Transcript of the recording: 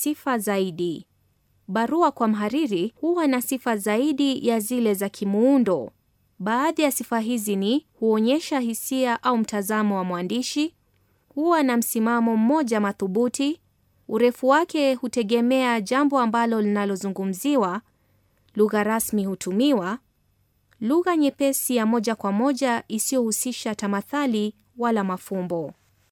sifa zaidi. Barua kwa mhariri huwa na sifa zaidi ya zile za kimuundo. Baadhi ya sifa hizi ni huonyesha hisia au mtazamo wa mwandishi, huwa na msimamo mmoja mathubuti, urefu wake hutegemea jambo ambalo linalozungumziwa, lugha rasmi hutumiwa, lugha nyepesi ya moja kwa moja isiyohusisha tamathali wala mafumbo.